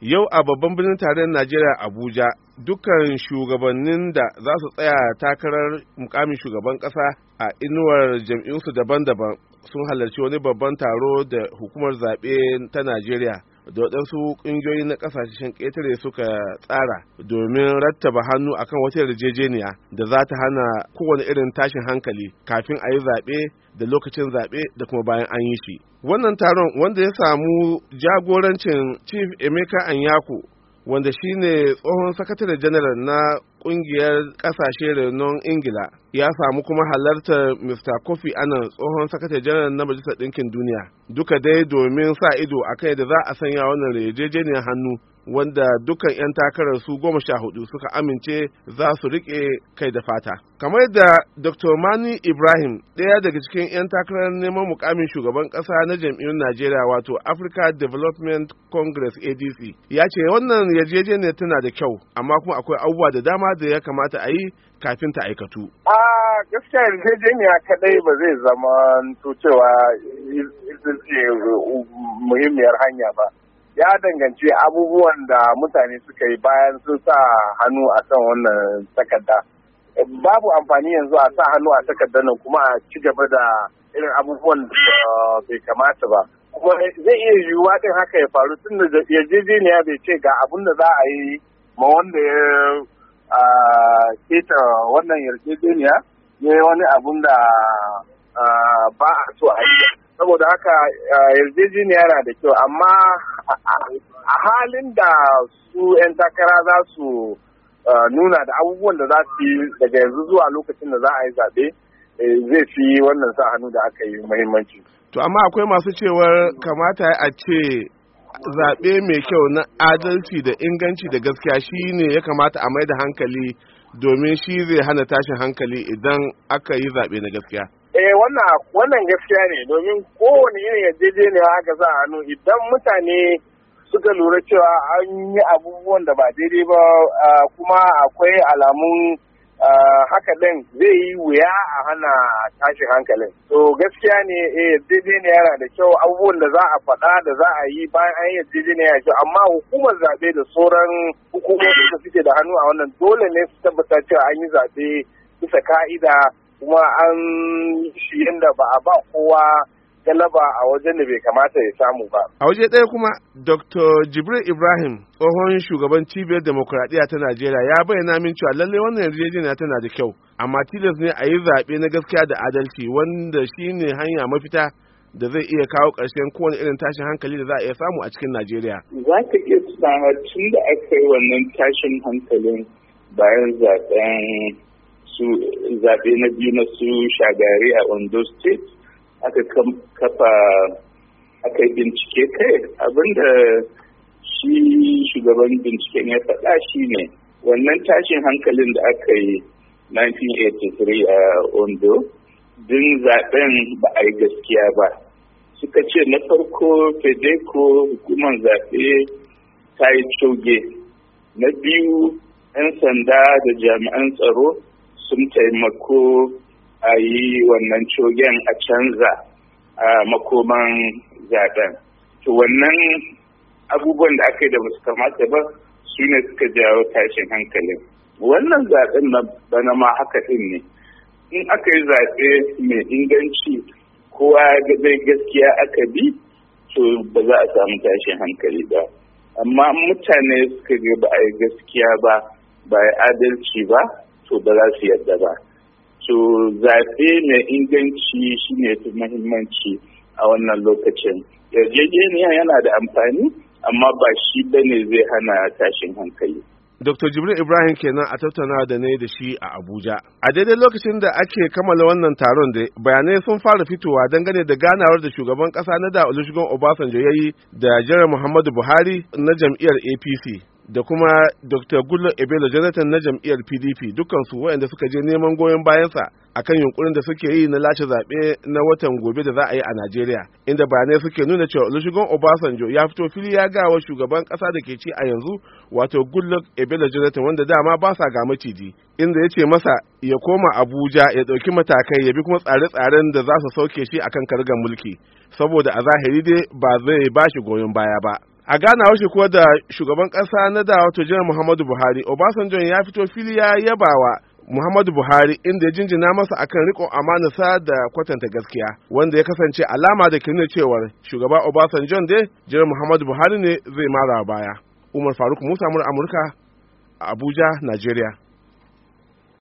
yau a babban birnin tarayyar najeriya abuja dukkan shugabannin da za su tsaya takarar mukamin shugaban kasa a inuwar jam'iyyunsu daban-daban sun halarci wani babban taro da hukumar zaɓe ta najeriya da waɗansu ƙungiyoyi na ƙasashen ƙetare suka tsara domin rattaba hannu akan wata yarjejeniya da za ta hana kowane irin tashin hankali kafin a yi zaɓe da lokacin zaɓe da kuma bayan an yi shi. Wannan taron wanda ya samu jagorancin Chief Emeka Anyaku wanda shine tsohon sakatare janaral na kungiyar kasashe renon ingila ya samu kuma halartar mr kofi annan tsohon sakatare janaral na majalisar ɗinkin duniya duka dai domin sa ido a kai da za a sanya wannan yarjejeniyar hannu wanda dukkan 'yan takarar su goma sha hudu suka amince za su rike kai da fata kamar da dr mani ibrahim ɗaya daga cikin 'yan takarar neman mukamin shugaban ƙasa na jam'iyyun najeriya wato africa development congress adc ya ce wannan yarjejeniyar tana da kyau amma kuma akwai abubuwa da dama da ya kamata a yi kafin ta aikatu a gaskiya yarjejeniya kadai ba zai zama cewa muhimmiyar hanya ba ya danganci abubuwan da mutane suka yi bayan sun sa hannu a kan wannan takarda babu amfani yanzu a sa hannu a takarda nan kuma a ci gaba da irin abubuwan da uh, bai kamata ba kuma zai iya yiwuwa din haka ya faru tun da yarjejeniya bai ce ga abun da za a yi ma wanda ya uh, keta wannan yarjejeniya ne wani abun da uh, ba a so a yi saboda haka eh, yarjejeniya yana da kyau amma a halin da su 'yan takara za su eh, nuna da abubuwan da za su yi daga yanzu zuwa lokacin da za a yi zaɓe eh, zai fi wannan sa hannu da aka yi muhimmanci. To amma akwai masu cewar kamata a ce zaɓe mai kyau na adalci da inganci da gaskiya shi ne ya kamata a mai da hankali domin shi zai hana tashin hankali idan aka yi zaɓe na gaskiya. Eh wannan wannan gaskiya ne domin kowane irin yarjejeniya aka sa hannu idan mutane suka lura cewa an yi abubuwan da ba daidai ba kuma akwai alamun haka ɗin zai yi wuya a hana tashin hankalin. To gaskiya ne eh ne yana da kyau abubuwan da za a faɗa da za a yi bayan an yi yarjejeniya yana kyau amma hukumar zaɓe da sauran hukumomi da suke da hannu a wannan dole ne su tabbatar cewa an yi zaɓe bisa ka'ida kuma an shi yadda ba a ba kowa galaba a wajen da bai kamata ya samu ba. A waje ɗaya kuma Dr. Jibril Ibrahim tsohon shugaban cibiyar demokuraɗiyya ta Najeriya ya bayyana min cewa lallai wannan yarjejeniya tana da kyau amma tilas ne a yi zaɓe na gaskiya da adalci wanda shine hanya mafita da zai iya kawo ƙarshen kowane irin tashin hankali da za a iya samu a cikin Najeriya. Za ka iya tun da aka yi wannan tashin hankalin bayan zaɓen su zaɓe na biyu na su shagari a Ondo State aka kafa aka bincike kai abinda shi shugaban binciken ya faɗa shi ne wannan tashin hankalin da aka yi 1983 a Ondo din zaɓen ba a yi gaskiya ba suka ce na farko fedeco hukumar zaɓe ta yi coge na biyu 'yan sanda da jami'an tsaro sun taimako a yi wannan cogen a canza a makoman zaben to wannan abubuwan da aka yi da su kamata ba su ne suka jawo tashin hankalin wannan zaɓen na bana ma haka din ne in aka yi zaɓe mai inganci kowa zai gaskiya aka bi to ba za a samu tashin hankali ba amma mutane suka ga ba a yi gaskiya ba ba a adalci ba to ba za su yadda ba to zaɓe mai inganci shine fi mahimmanci a wannan lokacin yarjejeniya yana da amfani amma ba shi bane zai hana tashin hankali Dr. Jibril Ibrahim kenan a tattauna da ne da shi a Abuja. A daidai lokacin da ake kammala wannan taron da bayanai sun fara fitowa dangane da ganawar da shugaban kasa na da Olusegun Obasanjo ya yi da Jere Muhammadu Buhari na jam'iyyar APC. da kuma dr gullo ebelo jonathan na jam'iyyar pdp dukansu waɗanda suka je neman goyon bayansa a kan yunkurin da suke yi na lashe zaɓe na watan gobe da za a yi a najeriya inda bayanai suke nuna cewa olusegun obasanjo ya fito fili ya gawa shugaban ƙasa da ke ci a yanzu wato goodluck ebelo jonathan wanda dama ba sa ga maciji inda ya ce masa ya koma abuja ya ɗauki matakai ya bi kuma tsare-tsaren da za su sauke shi akan kargar mulki saboda a zahiri dai ba zai ba shi goyon baya ba a gana shi kuwa da shugaban ƙasa na da wato janar muhammadu buhari obasanjo ya fito fili ya yabawa Muhammadu Buhari inda ya jinjina masa akan rikon sa da kwatanta gaskiya wanda ya kasance alama da kinne cewar shugaba Obasanjo dai jiran Muhammadu Buhari ne zai mara baya. Umar Faruk Musa Amurka a Abuja, Najeriya.